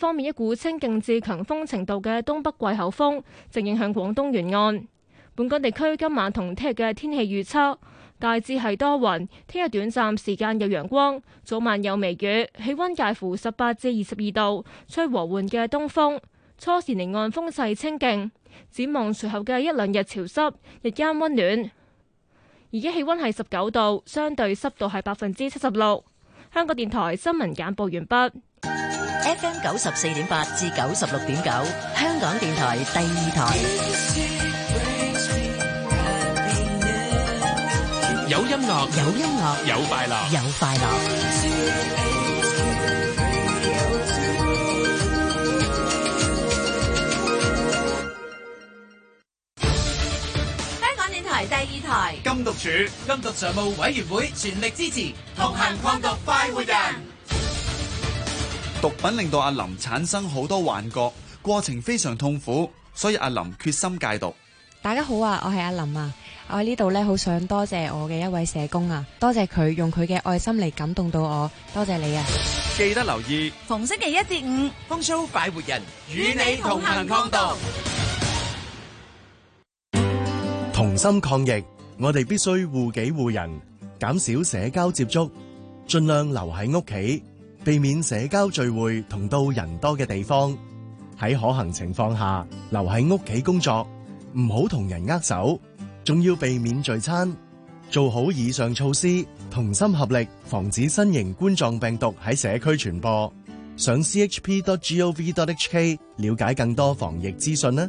方面一股清勁至強風程度嘅東北季候風正影響廣東沿岸。本港地區今晚同聽日嘅天氣預測大致係多雲，聽日短暫時間有陽光，早晚有微雨,雨，氣温介乎十八至二十二度，吹和緩嘅東風，初時離岸風勢清勁。展望隨後嘅一兩日潮濕，日間温暖。而家氣温係十九度，相對濕度係百分之七十六。香港電台新聞簡報完畢。FM 九十四點八至九十六點九，香港電台第二台，有音樂，有音樂，有快樂，有快樂。香港電台第二台，禁毒處、禁毒常務委員會全力支持，同行抗毒，快活人。毒品令到阿林產生好多幻覺，過程非常痛苦，所以阿林決心戒毒。大家好啊，我係阿林啊，我喺呢度咧好想多謝我嘅一位社工啊，多謝佢用佢嘅愛心嚟感動到我，多謝你啊！記得留意，逢星期一至五，風騷快活人與你同行抗毒，同心抗疫，我哋必須護己護人，減少社交接觸，盡量留喺屋企。避免社交聚會同到人多嘅地方，喺可行情況下留喺屋企工作，唔好同人握手，仲要避免聚餐。做好以上措施，同心合力，防止新型冠狀病毒喺社區傳播。上 c h p g o v dot h k 了解更多防疫資訊啦。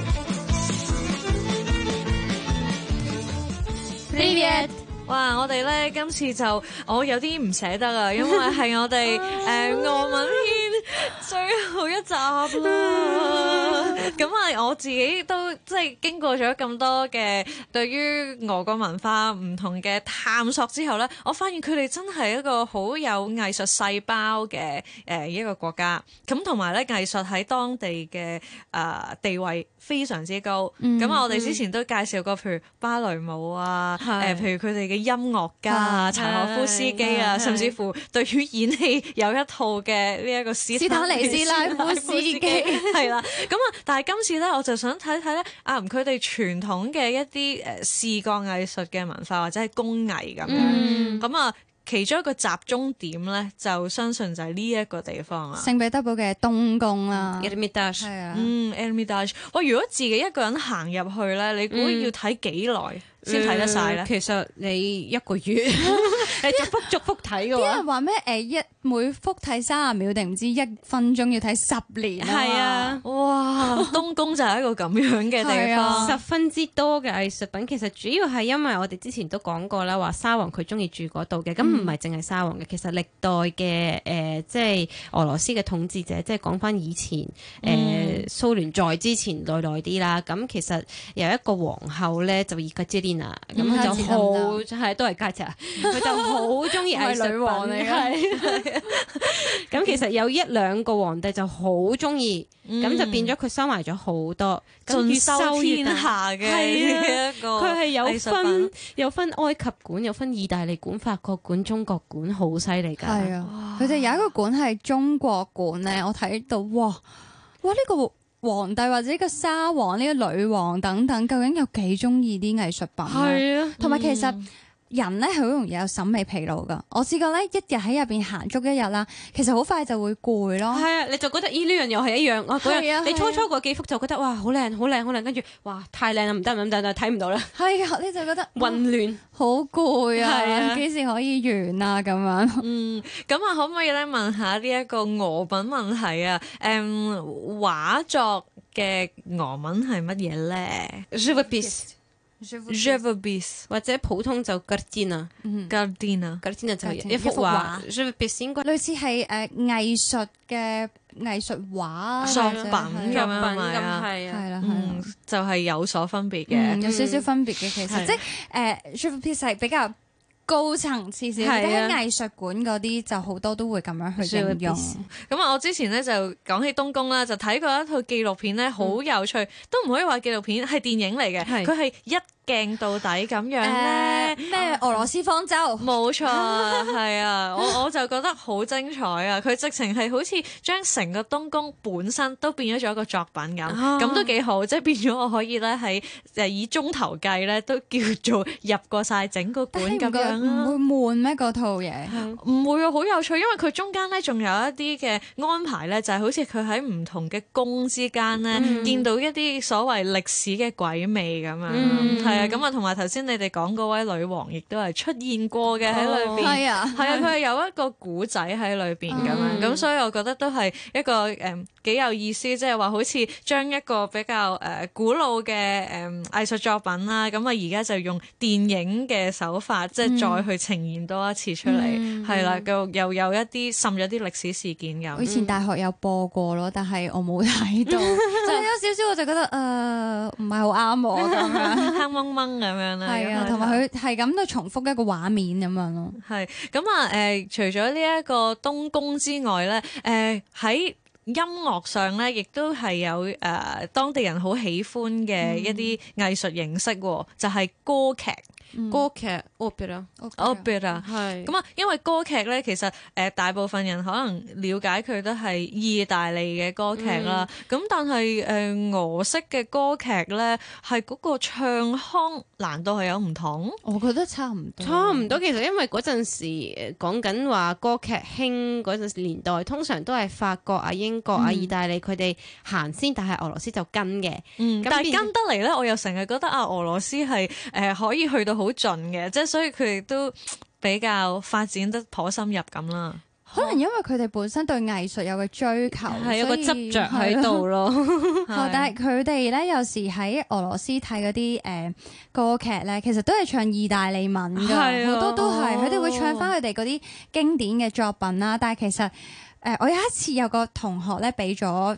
哇！我哋咧今次就我有啲唔捨得啊，因為係我哋誒、 呃、俄文篇最後一集啦。咁啊、 嗯，我自己都即係經過咗咁多嘅對於俄國文化唔同嘅探索之後咧，我發現佢哋真係一個好有藝術細胞嘅誒一個國家。咁同埋咧，藝術喺當地嘅、啊、呃、地位。非常之高，咁啊、嗯，我哋之前都介紹過，譬如芭蕾舞啊，誒是、呃，譬如佢哋嘅音樂家啊，哇柴可夫斯基啊，甚至乎對於演戲有一套嘅呢一個斯坦尼斯拉夫斯基，係 啦，咁啊，但係今次咧，我就想睇睇咧，啊，佢哋傳統嘅一啲誒視覺藝術嘅文化或者係工藝咁樣，咁啊、嗯。嗯其中一個集中點咧，就相信就係呢一個地方啦。聖彼得堡嘅冬宮啦，Hermitage，嗯，Hermitage，啊嗯哦、如果自己一個人行入去咧，你估要睇幾耐？嗯先睇得晒啦、嗯。其實你一個月，你逐幅逐幅睇嘅喎。因為話咩，誒一 每幅睇三十秒定唔知一分鐘，要睇十年啊！係啊！哇！冬宮就係一個咁樣嘅地方，啊、十分之多嘅藝術品。其實主要係因為我哋之前都講過啦，話沙皇佢中意住嗰度嘅。咁唔係淨係沙皇嘅，其實歷代嘅誒、呃，即係俄羅斯嘅統治者，即係講翻以前誒、嗯、蘇聯在之前耐耐啲啦。咁其實由一個皇后咧，就以家咁、嗯、就好，係都係戒指啊！佢 就好中意係女王嚟嘅。咁其實有一兩個皇帝就好中意，咁、嗯、就變咗佢收埋咗好多，越收天下嘅。係啊，佢係有分，有分埃及館，有分意大利館、法國館、中國館，好犀利噶。係啊哇，佢哋有一個館係中國館咧，我睇到哇！我呢、這個。皇帝或者個沙皇、呢、這個女王等等，究竟有幾中意啲藝術品咧？係啊，同、嗯、埋其實。人咧係好容易有審美疲勞噶，我試過咧一日喺入邊行足一日啦，其實好快就會攰咯。係啊，你就覺得咦呢樣又係一樣啊？啊你初初嗰幾幅就覺得哇好靚好靚好靚，跟住哇太靚啦唔得唔得睇唔到啦。係啊，你就覺得混亂，好攰啊，幾、啊、時可以完啊咁樣？嗯，咁啊可唔可以咧問，問下呢一個俄文問題啊？誒、um，畫作嘅俄文係乜嘢咧？Rivers 或者普通就 Gardena，Gardena，Gardena 就係一幅畫，Rivers 先個類似係誒藝術嘅藝術畫，作品咁樣係啊，係啦，就係有所分別嘅，有少少分別嘅其實即係誒 Rivers 係比較。高層次少，或者喺藝術館嗰啲就好多都會咁樣去應用。咁啊，我之前咧就講起東宮啦，就睇過一套紀錄片咧，好有趣，都唔可以話紀錄片係電影嚟嘅，佢係一鏡到底咁樣咧。咩俄羅斯方舟？冇錯，係啊，我我就覺得好精彩啊！佢直情係好似將成個東宮本身都變咗咗一個作品咁，咁都幾好，即係變咗我可以咧喺誒以鐘頭計咧，都叫做入過晒整個館咁樣。唔會悶咩？套嘢，唔 會好、哦、有趣，因為佢中間咧仲有一啲嘅安排咧，就係、是、好似佢喺唔同嘅宮之間咧，見到一啲所謂歷史嘅鬼魅咁樣，係、 嗯、啊，咁啊同埋頭先你哋講嗰位女王亦都係出現過嘅喺裏邊，係、oh, 啊，係啊，佢係、 啊、有一個古仔喺裏邊咁樣，咁、嗯嗯嗯、所以我覺得都係一個誒幾、嗯、有意思，即係話好似將一個比較誒、呃、古老嘅誒藝術作品啦，咁啊而家就用電影嘅手法即係。做、就是。再去呈現多一次出嚟，係啦、嗯，又又有一啲滲咗啲歷史事件咁。以前大學有播過咯，但係我冇睇到， 就有少少我就覺得誒，唔係好啱我咁樣，黑掹掹咁樣咧。係啊的，同埋佢係咁去重複一個畫面咁樣咯。係咁啊，誒、呃，除咗呢一個冬宮之外咧，誒、呃、喺音樂上咧，亦都係有誒當地人好喜歡嘅一啲藝術形式，嗯、就係歌劇。歌劇 o p e r a o 咁啊，是因為歌劇咧，其實誒大部分人可能了解佢都係意大利嘅歌劇啦。咁、嗯、但係誒、呃、俄式嘅歌劇咧，係嗰個唱腔難度係有唔同。我覺得差唔多，差唔多。其實因為嗰陣時講緊話歌劇興嗰陣年代，通常都係法國啊、英國啊、嗯、意大利佢哋行先，但係俄羅斯就跟嘅。嗯、但係跟得嚟咧，我又成日覺得啊，俄羅斯係誒、呃、可以去到。好盡嘅，即係所以佢哋都比較發展得頗深入咁啦。可能因為佢哋本身對藝術有個追求，係、嗯、以一個執着喺度咯。但係佢哋咧，有時喺俄羅斯睇嗰啲誒歌劇咧，其實都係唱意大利文噶，好了多都係佢哋會唱翻佢哋嗰啲經典嘅作品啦。但係其實誒、呃，我有一次有個同學咧俾咗。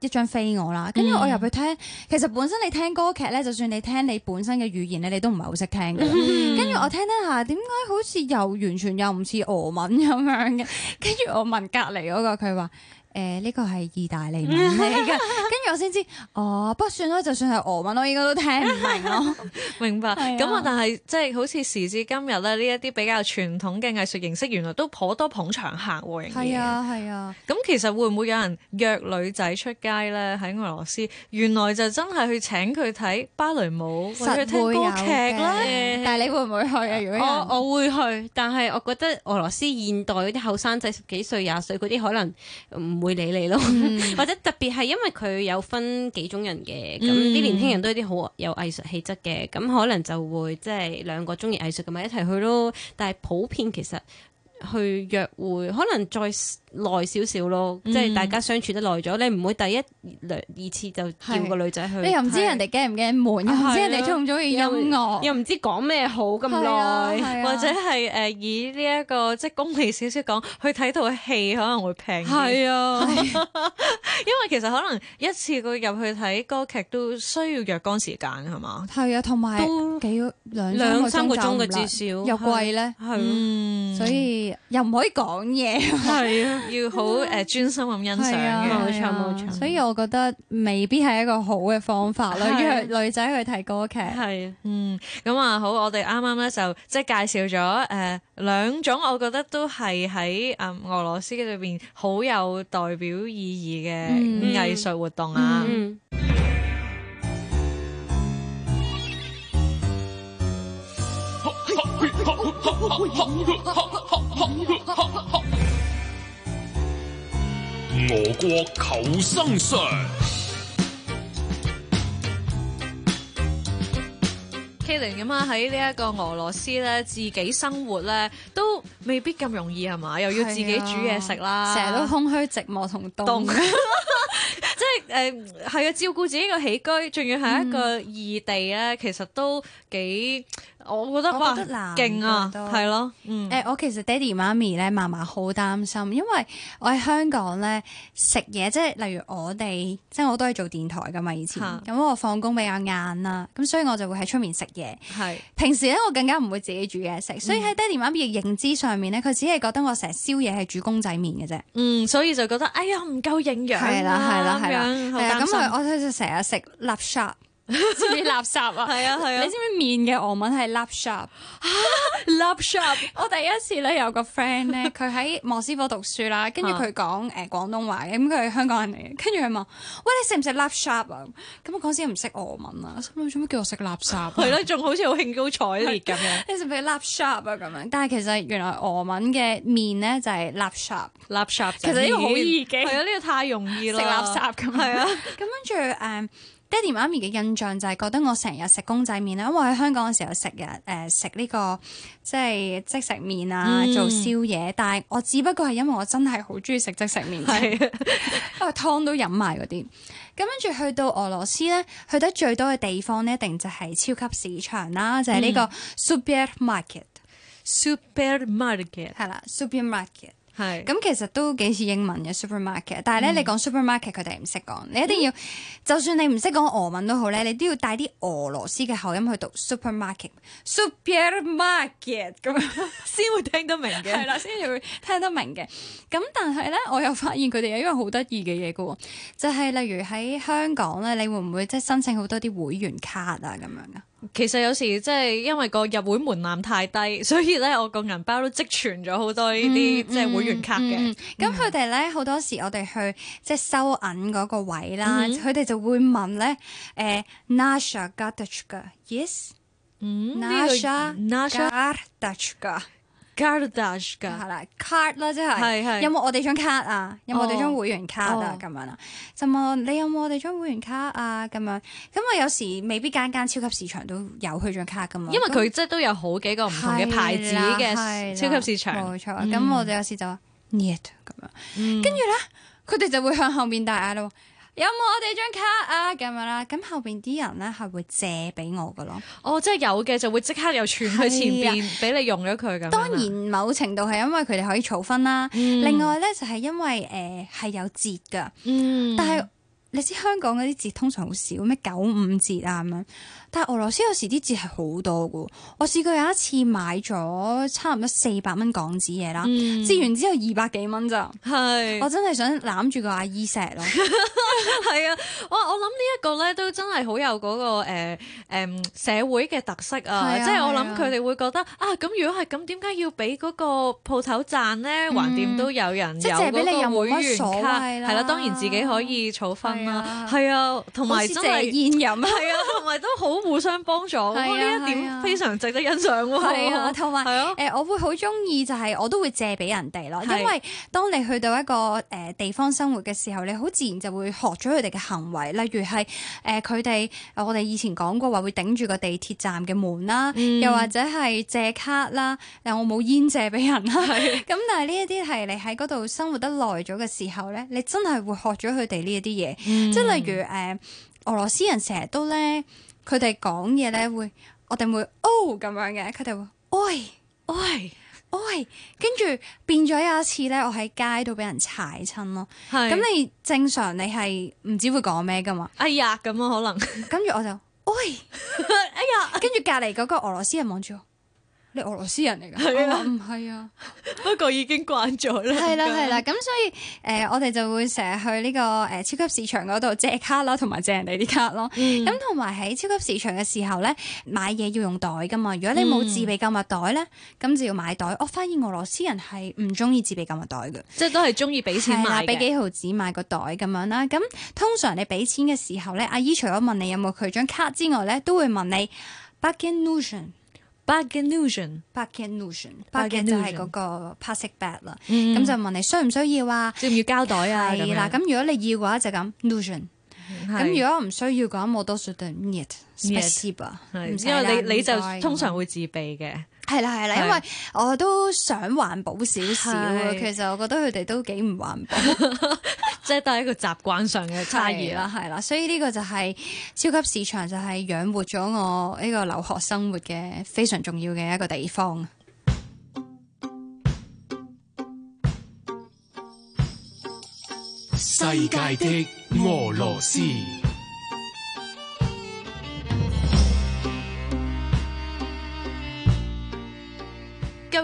一張飛我啦，跟住我入去聽，嗯、其實本身你聽歌劇咧，就算你聽你本身嘅語言咧，你都唔係好識聽嘅。跟住、嗯、我聽聽下，點解好似又完全又唔似俄文咁樣嘅？跟住我問隔離嗰個，佢話。誒呢個係意大利文嚟㗎，跟 住我先知哦，不算咯，就算係俄文，我應該都聽唔明咯。 明白。咁 對啊但，但係即係好似時至今日咧，呢一啲比較傳統嘅藝術形式，原來都頗多捧場客喎，係啊，係 啊。咁、啊、其實會唔會有人約女仔出街咧？喺俄羅斯，原來就真係去請佢睇芭蕾舞，或者聽歌劇咧？但係你會唔會去、啊？如果我我會去，但係我覺得俄羅斯現代嗰啲後生仔十幾歲、廿歲嗰啲，可能唔會。會理你咯， 或者特別係因為佢有分幾種人嘅，咁啲年輕人都有啲好有藝術氣質嘅，咁可能就會即係兩個中意藝術嘅咪一齊去咯，但係普遍其實。去約會，可能再耐少少咯，即係大家相處得耐咗你唔會第一兩二次就叫個女仔去。你又唔知人哋驚唔驚悶，又唔知人哋中唔中意音樂，又唔知講咩好咁耐，或者係誒以呢一個即係功利少少講去睇套戲可能會平啲。係啊，因為其實可能一次過入去睇歌劇都需要若干時間係嘛。係啊，同埋都幾兩兩三個鐘嘅，至少。又貴咧，係咯，所以。又唔可以講嘢，係啊，要好誒專心咁欣賞，冇錯冇錯。所以我覺得未必係一個好嘅方法啦，於係女仔去睇歌劇。係啊，嗯，咁啊好，我哋啱啱咧就即係介紹咗誒兩種，我覺得都係喺誒俄羅斯嘅裏邊好有代表意義嘅藝術活動啊。俄國求生術，Kling 咁啊！喺呢一個俄羅斯咧，自己生活咧都未必咁容易係嘛，又要自己煮嘢食啦，成日都空虛、寂寞同凍，冬 即係誒，係、呃、啊，照顧自己個起居，仲要係一個異地咧，其實都幾。我覺得哇勁啊，係咯，嗯。誒、欸，我其實爹哋媽咪咧，嫲嫲好擔心，因為我喺香港咧食嘢，即係例如我哋，即係我都係做電台㗎嘛，以前咁我放工比較晏啦，咁所以我就會喺出面食嘢。係。係。平時咧，我更加唔會自己煮嘢食，所以喺爹哋媽咪嘅認知上面咧，佢只係覺得我成日宵夜係煮公仔麪嘅啫。嗯，所以就覺得哎呀唔夠營養啦、啊、咁樣。係啊、係啦、係啦，咁我擔心、嗯嗯、我就成日食垃圾。似啲 垃圾 啊！係啊係啊！你知唔知麵嘅俄文係 Lap Shop 啊？Lap Shop 我第一次咧有個 friend 咧，佢喺莫斯科讀書啦，跟住佢講誒廣東話嘅，咁佢係香港人嚟嘅，跟住佢問：喂，你食唔食 Lap Shop 啊？咁嗰時唔識俄文啊，心諗做乜叫我食垃圾？係咯，仲好似好興高采烈咁樣。你食唔食 Lap Shop 啊？咁、哎、樣，但係其實原來俄文嘅麵咧就係 Lap Shop，Lap Shop。其實呢個好易記，係咯、 嗯，呢、這個太容易啦，食垃圾咁樣。係啊， 咁跟住誒。爹哋媽咪嘅印象就係覺得我成日食公仔麵啦，因為喺香港嘅時候食日，誒食呢個即係即食麵啊，嗯、做宵夜。但係我只不過係因為我真係好中意食即食麵，因為湯都飲埋嗰啲。咁跟住去到俄羅斯咧，去得最多嘅地方咧，一定就係超級市場啦，就係、是、呢個 supermarket，supermarket 係啦，supermarket、嗯。係咁，是其實都幾似英文嘅 supermarket，但係咧，嗯、你講 supermarket 佢哋唔識講，你一定要、嗯、就算你唔識講俄文都好咧，你都要帶啲俄羅斯嘅口音去讀 supermarket，supermarket 咁 Super 樣先 會聽得明嘅，係啦， 先至會聽得明嘅。咁但係咧，我又發現佢哋有一個好得意嘅嘢㗎喎，就係、是、例如喺香港咧，你會唔會即係申請好多啲會員卡啊咁樣噶？其實有時即係因為個入會門檻太低，所以咧我個銀包都積存咗好多呢啲即係會員卡嘅。咁佢哋咧好多時我哋去即係收銀嗰個位啦，佢哋、嗯、就會問咧，誒 Nasha Gartchka，yes，Nasha Nasha Gartchka。c 噶係啦，card 啦即係，係係有冇我哋張卡啊？有冇我哋張會員卡啊？咁樣啊？哦、就問你有冇我哋張會員卡啊？咁樣，咁我有時未必間間超級市場都有佢張卡噶嘛？因為佢即係都有好幾個唔同嘅牌子嘅超級市場，冇錯。咁我哋有時就 y e 咁樣，跟住咧，佢哋樣、嗯、就會向後面大嗌咯。有冇我哋張卡啊？咁樣啦，咁後邊啲人咧係會借俾我噶咯。哦，即係有嘅，就會即刻又傳去前邊俾的你用咗佢。當然，某程度係因為佢哋可以儲分啦。嗯、另外咧，就係因為誒係、呃、有折噶。嗯。但係你知香港嗰啲折通常好少咩九五折啊咁樣。但係俄羅斯有時啲折係好多噶，我試過有一次買咗差唔多四百蚊港紙嘢啦，折完之後二百幾蚊咋。係，我真係想攬住個阿姨錫咯。係啊，哇！我諗呢一個咧都真係好有嗰個誒誒社會嘅特色啊，即係我諗佢哋會覺得啊，咁如果係咁，點解要俾嗰個鋪頭賺咧？橫掂都有人即係借俾你入會員卡，係啦，當然自己可以儲分啦。係啊，同埋借煙飲，係啊，同埋都好。互相幫助，呢、啊啊、一點非常值得欣賞。同埋是、啊，誒，是啊、我會好中意就係，我都會借俾人哋咯。是啊、因為當你去到一個誒、uh, 地方生活嘅時候，你好自然就會學咗佢哋嘅行為，例如係誒佢哋我哋以前講過話會頂住個地鐵站嘅門啦，嗯、又或者係借卡啦。我煙是啊、但我冇煙借俾人啦。咁但係呢一啲係你喺嗰度生活得耐咗嘅時候咧，你真係會學咗佢哋呢一啲嘢。即係、嗯、例如誒，uh, 俄羅斯人成日都咧。佢哋講嘢咧會，我哋會哦咁樣嘅，佢哋會喂，喂，喂，跟住變咗有一次咧，我喺街度俾人踩親咯。咁你正常你係唔知會講咩噶嘛？哎呀咁咯，可能跟住我就喂， 哎呀，跟住隔離嗰個俄羅斯人望住我。你俄羅斯人嚟噶？係啊，唔係、oh, 嗯、啊，不過 已經慣咗啦。係啦、啊，係啦、啊，咁所以誒、呃，我哋就會成日去呢個誒超級市場嗰度借卡啦，同埋借人哋啲卡咯。咁同埋喺超級市場嘅時候咧，買嘢要用袋噶嘛。如果你冇自備購物袋咧，咁、嗯、就要買袋。我發現俄羅斯人係唔中意自備購物袋嘅，即係都係中意俾錢買，俾、啊、幾毫紙買個袋咁樣啦。咁、嗯、通常你俾錢嘅時候咧，阿姨除咗問你有冇佢張卡之外咧，都會問你。bagging option，bagging option，bagging 就係嗰個 plastic bag 啦。咁就問你需唔需要啊？要唔要膠袋啊？咁啦。咁樣如果你要嘅話就咁 option。咁如果唔需要嘅話，我多數 niet, 對 spasiba。唔知你啦你就通常會自備嘅。嗯。係啦，係啦，因為我都想環保少少啊。其實我覺得佢哋都幾唔環保，即係都喺一個習慣上嘅差異啦。係啦，所以呢個就係、是、超級市場就係養活咗我呢個留學生活嘅非常重要嘅一個地方。世界的俄羅斯。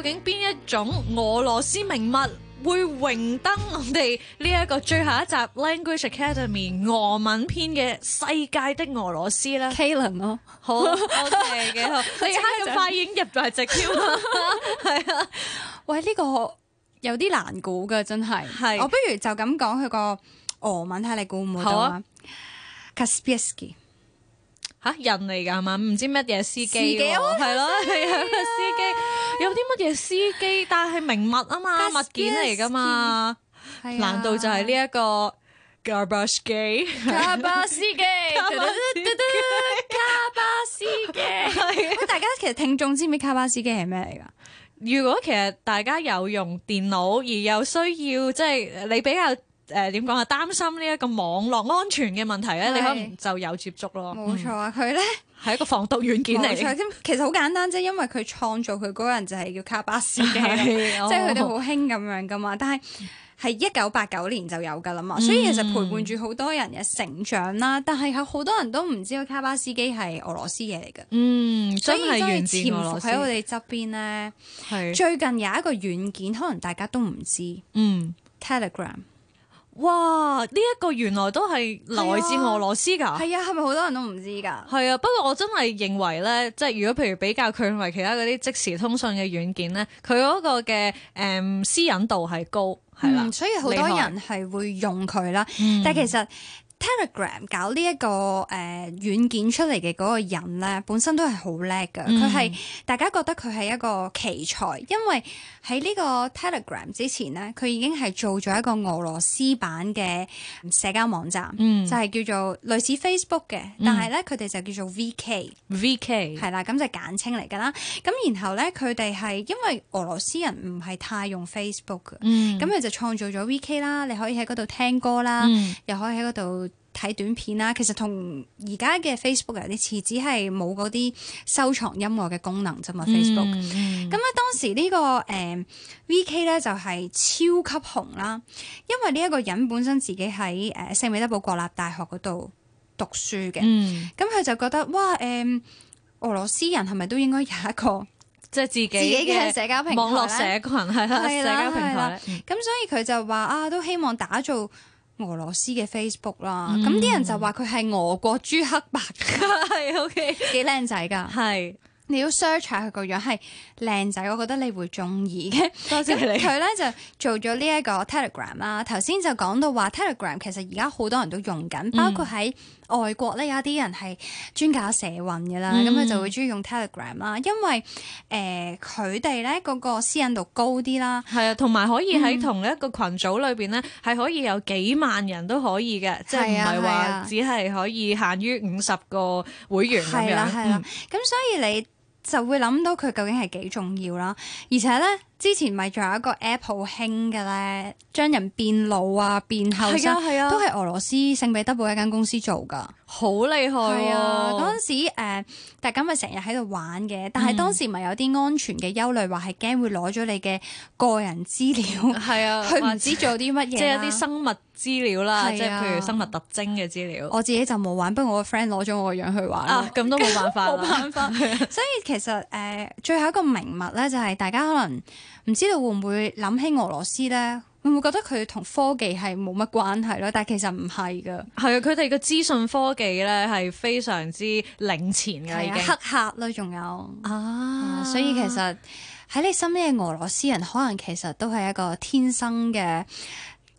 究竟邊一種俄羅斯名物會榮登我哋呢一個最後一集 Language Academy 俄文篇嘅世界的俄羅斯咧？Kalen 咯，好， 真係嘅，你黑人快已經入埋隻 Q 係啊， 喂，呢、這個有啲難估㗎，真係，係是，我不如就咁講佢個俄文睇你估唔估到啊 k a s 嚇、啊、人嚟㗎係嘛？唔知乜嘢司機喎，係咯係啊，司機，有啲乜嘢司機？但係名物啊嘛，物件嚟㗎嘛，啊、難道就係呢一個卡巴斯基？機卡巴司機， 卡巴斯基， 巴司機 大家其實聽眾知唔知卡巴司機係咩嚟㗎？ 如果其實大家有用電腦而又需要，即、就、係、係、你比較。誒點講啊？擔心呢一個網絡安全嘅問題咧，是你可能就有接觸咯。冇錯啊！佢咧係一個防毒軟件嚟。冇錯啊，其實好簡單啫，因為佢創造佢嗰個人就係叫卡巴斯基， 的即係佢哋好興咁樣噶嘛。但係係一九八九年就有噶啦嘛，嗯、所以其實陪伴住好多人嘅成長啦。但係有好多人都唔知卡巴斯基係俄羅斯嘢嚟嘅，嗯，所以都係潛伏喺我哋側邊咧。的最近有一個軟件，可能大家都唔知，嗯，Telegram。Tele 哇！呢、這、一個原來都係來自俄羅斯㗎，係啊，係咪好多人都唔知㗎？係啊，不過我真係認為咧，即係如果譬如比較佢同埋其他嗰啲即時通訊嘅軟件咧，佢嗰個嘅誒私隱度係高，係啦、嗯，所以好多人係會用佢啦。害嗯、但係其實。Telegram 搞呢、這、一個誒、呃、軟件出嚟嘅嗰個人咧，本身都係好叻㗎。佢係、嗯、大家覺得佢係一個奇才，因為喺呢個 Telegram 之前咧，佢已經係做咗一個俄羅斯版嘅社交網站，嗯、就係叫做類似 Facebook 嘅，但係咧佢哋就叫做 VK，VK 係啦，咁就簡稱嚟㗎啦。咁然後咧，佢哋係因為俄羅斯人唔係太用 Facebook 嘅，咁佢、嗯、就創造咗 VK 啦。你可以喺嗰度聽歌啦，嗯、又可以喺嗰度睇短片啦，其實同而家嘅 Facebook 有啲似，只係冇嗰啲收藏音樂嘅功能啫嘛。Facebook 咁啊，嗯嗯、當時、這個 uh, 呢個誒 VK 咧就係、是、超級紅啦，因為呢一個人本身自己喺誒聖彼得堡國立大學嗰度讀書嘅，咁佢、嗯嗯、就覺得哇，誒、uh, 俄羅斯人係咪都應該有一個即係自己自己嘅社交平台網絡社群係、嗯嗯嗯、啦，社交平台咁，所以佢就話啊，都希望打造。嗯俄羅斯嘅 Facebook 啦、嗯，咁啲人就話佢係俄國朱黑白，係 OK 幾靚仔㗎，係。 你要 search 下佢個樣係靚仔，我覺得你會中意嘅。多謝你。佢咧就做咗呢一個 Telegram 啦。頭先就講到話 Telegram，其實而家好多人都用緊，嗯、包括喺外國咧有一啲人係專搞社運嘅啦。咁佢、嗯、就會中意用 Telegram 啦，因為誒佢哋咧嗰個私隱度高啲啦。係啊，同埋可以喺同一個群組裏邊咧，係可以有幾萬人都可以嘅，嗯、即係唔係話只係可以限於五十個會員咁樣。係啦，係啦、啊。咁、啊嗯啊啊、所以你就會諗到佢究竟係幾重要啦，而且咧。之前咪仲有一個 Apple 興嘅咧，將人變老啊，變後啊，啊都係俄羅斯性別 d 堡，一間公司做噶，好厲害啊！嗰陣、啊、時誒，大家咪成日喺度玩嘅，但係當時咪有啲安全嘅憂慮，話係驚會攞咗你嘅個人資料，係啊、嗯，佢唔知做啲乜嘢，即係啲生物資料啦，啊、即係譬如生物特徵嘅資料。我自己就冇玩，不過我個 friend 攞咗我樣去玩啦，咁都冇辦法，冇辦法。所以其實誒、呃，最後一個名物咧，就係、是、大家可能。唔知道會唔會諗起俄羅斯呢？會唔會覺得佢同科技係冇乜關係咧？但係其實唔係㗎。係啊，佢哋嘅資訊科技呢，係非常之領前嘅。黑客啦，仲有啊、啊。所以其實喺你身邊嘅俄羅斯人可能其實都係一個天生嘅。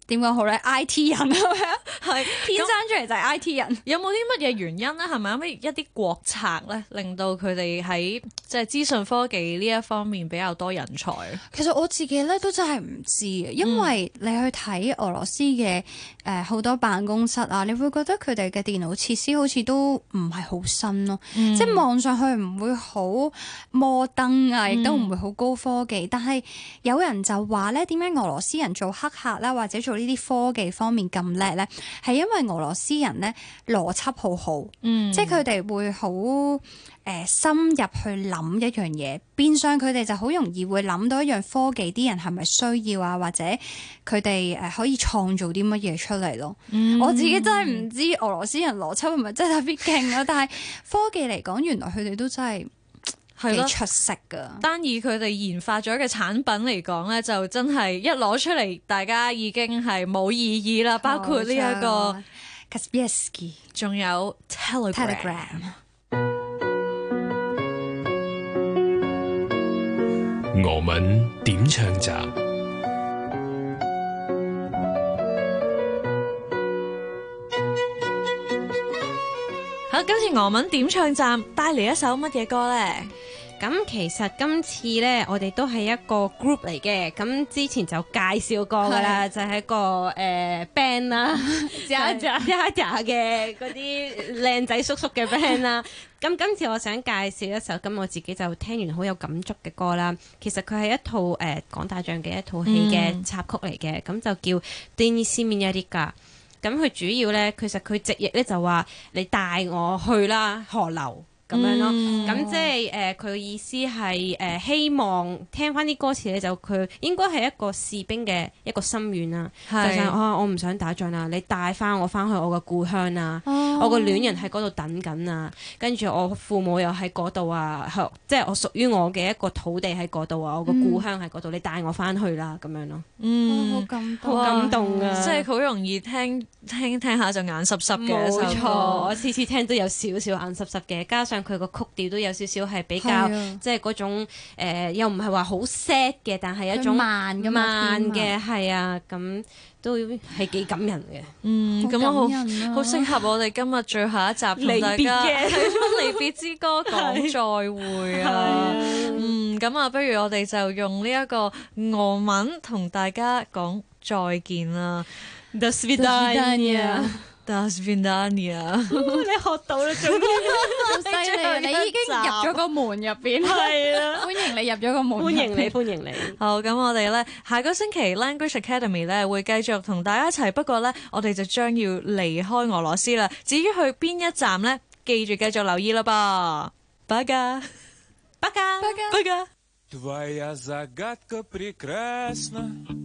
點講好咧？I T 人係咪啊？係 是天生出嚟就係 I T 人？有冇啲乜嘢原因咧？係咪啊？乜一啲國策咧，令到佢哋喺即係資訊科技呢一方面比較多人才？其實我自己咧都真係唔知，因為你去睇俄羅斯嘅誒好多辦公室啊，嗯、你會覺得佢哋嘅電腦設施好似都唔係好新咯、啊，嗯、即係望上去唔會好摩登啊，亦都唔會好高科技。嗯、但係有人就話咧，點解俄羅斯人做黑客啦，或者做？呢啲科技方面咁叻呢，係因為俄羅斯人呢邏輯好好，嗯，即係佢哋會好誒、呃、深入去諗一樣嘢，變相佢哋就好容易會諗到一樣科技啲人係咪需要啊，或者佢哋誒可以創造啲乜嘢出嚟咯？嗯，我自己真係唔知俄羅斯人邏輯係咪真係特別勁啊！ 但係科技嚟講，原來佢哋都真係。佢都出色噶！單以佢哋研發咗嘅產品嚟講咧，就真係一攞出嚟，大家已經係冇意義啦。包括呢、這、一個 Kaspersky，仲有 Telegram。俄文點唱站？好，今次俄文點唱站帶嚟一首乜嘢歌咧？咁其實今次咧，我哋都係一個 group 嚟嘅。咁之前就介紹過㗎、呃、啦，就係一個誒 band 啦，Ja Ja Ja 嘅嗰啲靚仔叔叔嘅 band 啦。咁 今次我想介紹一首，咁我自己就聽完好有感觸嘅歌啦。其實佢係一套誒講、呃、大象嘅一套戲嘅插曲嚟嘅，咁、嗯、就叫《d n 電視面一啲噶》。咁佢主要咧，其實佢直譯咧就話你帶我去啦河流。咁樣咯，咁、嗯、即係誒佢嘅意思係誒、呃、希望聽翻啲歌詞咧，就佢應該係一個士兵嘅一個心願啦、啊，是就係、哦、我唔想打仗啦，你帶翻我翻去我嘅故鄉啦、啊，哦、我個戀人喺嗰度等緊啊，跟住我父母又喺嗰度啊，即、就、係、是、我屬於我嘅一個土地喺嗰度啊，嗯、我個故鄉喺嗰度，你帶我翻去啦咁樣咯。嗯，好感動，好感動啊！哇動嗯、即係好容易聽聽聽下就眼濕濕嘅。冇錯，我次、哦、次聽都有少少眼濕濕嘅，加上。佢個曲調都有少少係比較，啊、即係嗰種、呃、又唔係話好 sad 嘅，但係一種慢嘅，係的啊，咁、啊、都係幾感人嘅。嗯，咁、啊、好好適合我哋今日最後一集同大家嘅「分離，別 離別之歌，講再會啊。啊嗯，咁啊，不如我哋就用呢一個俄文同大家講再見啦。 哦、你學到啦，仲要好犀利，你已經入咗個門入邊。係啊，歡迎你入咗個門入邊。歡迎你，歡迎你。好，咁我哋咧下個星期 Language Academy 咧會繼續同大家一齊，不過咧我哋就將要離開俄羅斯啦。至於去邊一站咧，記住繼續留意咯噃。拜噶，拜噶，拜噶。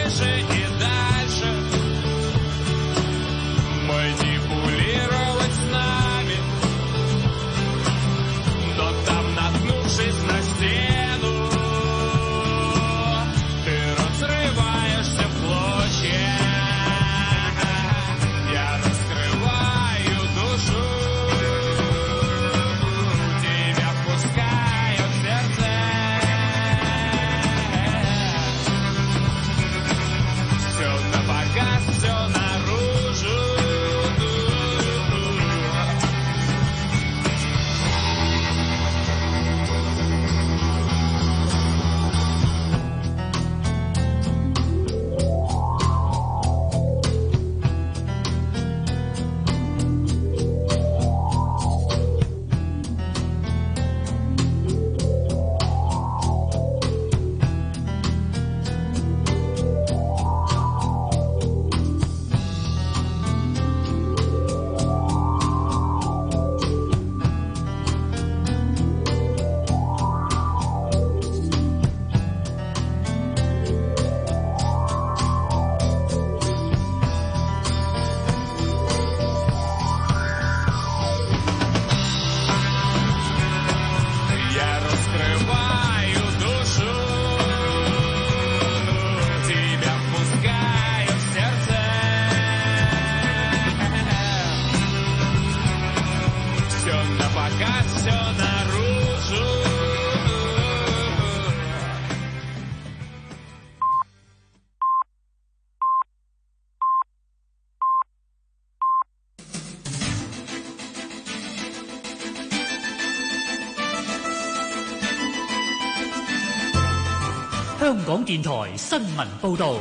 香港電台新聞報道，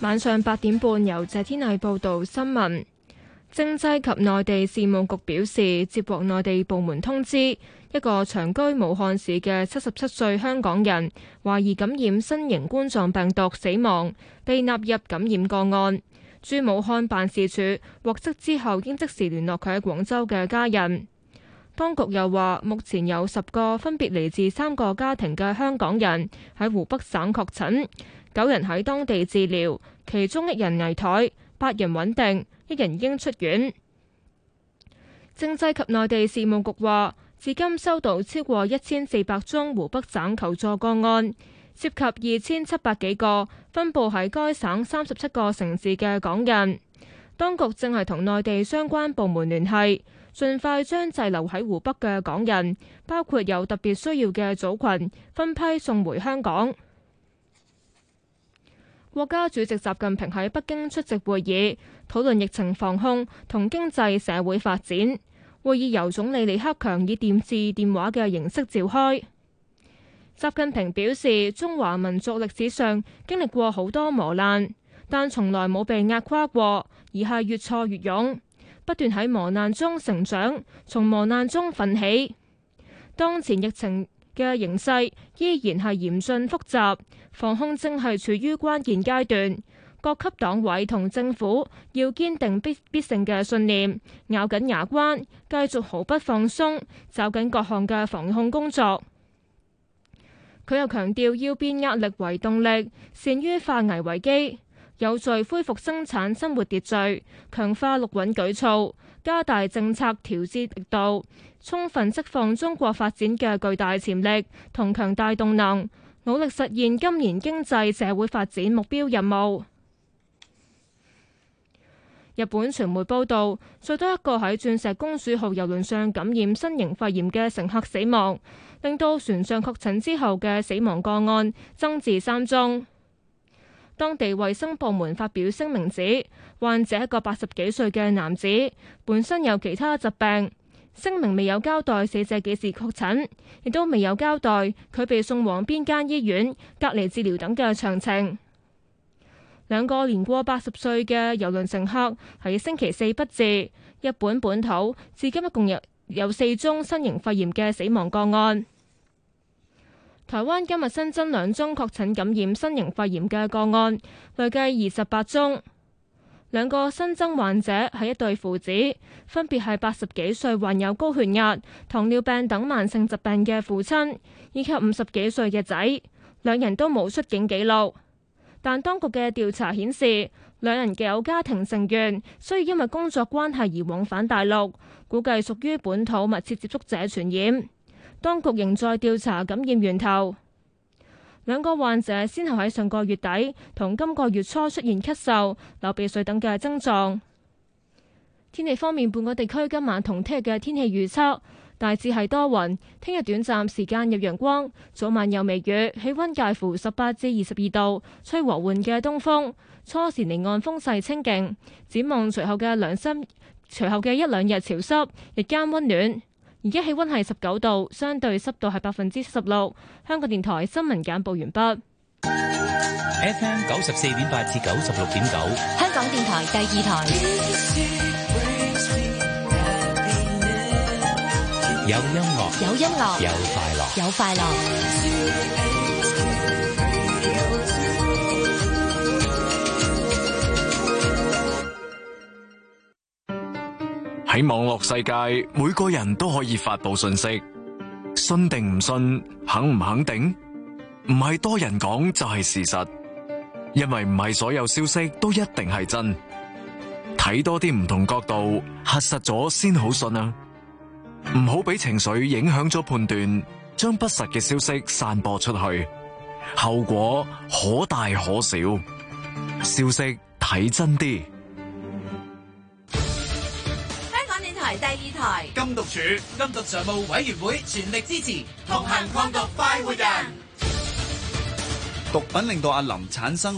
晚上八點半由謝天麗報道新聞。政制及內地事務局表示，接獲內地部門通知，一個長居武漢市嘅七十七歲香港人，懷疑感染新型冠狀病毒死亡，被納入感染個案。駐武漢辦事處獲悉之後，應即時聯絡佢喺廣州嘅家人。當局又話，目前有十個分別嚟自三個家庭嘅香港人喺湖北省確診，九人喺當地治療，其中一人危殆，八人穩定，一人應出院。政制及內地事務局話，至今收到超過一千四百宗湖北省求助個案，涉及二千七百幾個分布喺該省三十七個城市嘅港人。當局正係同內地相關部門聯繫。盡快將滯留喺湖北嘅港人，包括有特別需要嘅組群，分批送回香港。國家主席習近平喺北京出席會議，討論疫情防控同經濟社會發展。會議由總理李克強以電視電話嘅形式召開。習近平表示，中華民族歷史上經歷過好多磨難，但從來冇被壓垮過，而係越挫越勇。不斷喺磨難中成長，從磨難中奮起。當前疫情嘅形勢依然係嚴峻複雜，防控正係處於關鍵階段。各級黨委同政府要堅定必必勝嘅信念，咬緊牙關，繼續毫不放鬆，抓緊各項嘅防控工作。佢又強調要變壓力為動力，善於化危為機。有序恢復生產生活秩序，強化六穩舉措，加大政策調節力度，充分釋放中國發展嘅巨大潛力同強大動能，努力實現今年經濟社會發展目標任務。日本傳媒報道，最多一個喺鑽石公主號郵輪上感染新型肺炎嘅乘客死亡，令到船上確診之後嘅死亡個案增至三宗。當地衛生部門發表聲明指，患者一個八十幾歲嘅男子，本身有其他疾病。聲明未有交代死者幾時確診，亦都未有交代佢被送往邊間醫院隔離治療等嘅詳情。兩個年過八十歲嘅遊輪乘客喺星期四不治。日本本土至今一共有有四宗新型肺炎嘅死亡個案。台灣今日新增兩宗確診感染新型肺炎嘅個案，累計二十八宗。兩個新增患者係一對父子，分別係八十幾歲患有高血壓、糖尿病等慢性疾病嘅父親，以及五十幾歲嘅仔，兩人都冇出境記錄。但當局嘅調查顯示，兩人嘅有家庭成員需要因為工作關係而往返大陸，估計屬於本土密切接觸者傳染。當局仍在調查感染源頭，兩個患者先後喺上個月底同今個月初出現咳嗽、流鼻水等嘅症狀。天氣方面，半個地區今晚同聽日嘅天氣預測大致係多雲，聽日短暫時間有陽光，早晚有微雨，氣温介乎十八至二十二度，吹和緩嘅東風，初時離岸風勢清勁。展望隨後嘅兩三，隨後嘅一兩日潮濕，日間温暖。而家氣溫係十九度，相對濕度係百分之十六。香港電台新聞簡報完畢。FM 九十四點八至九十六點九，香港電台第二台。有音樂，有音樂，有快樂，有快樂。喺網絡世界，每個人都可以發佈信息，信定唔信，肯唔肯定，唔係多人講就係事實，因為唔係所有消息都一定係真。睇多啲唔同角度，核實咗先好信啊！唔好俾情緒影響咗判斷，將不實嘅消息散播出去，後果可大可小。消息睇真啲。禁毒署、禁毒常務委員會全力支持，同行抗毒快活人。毒品令到阿林產生。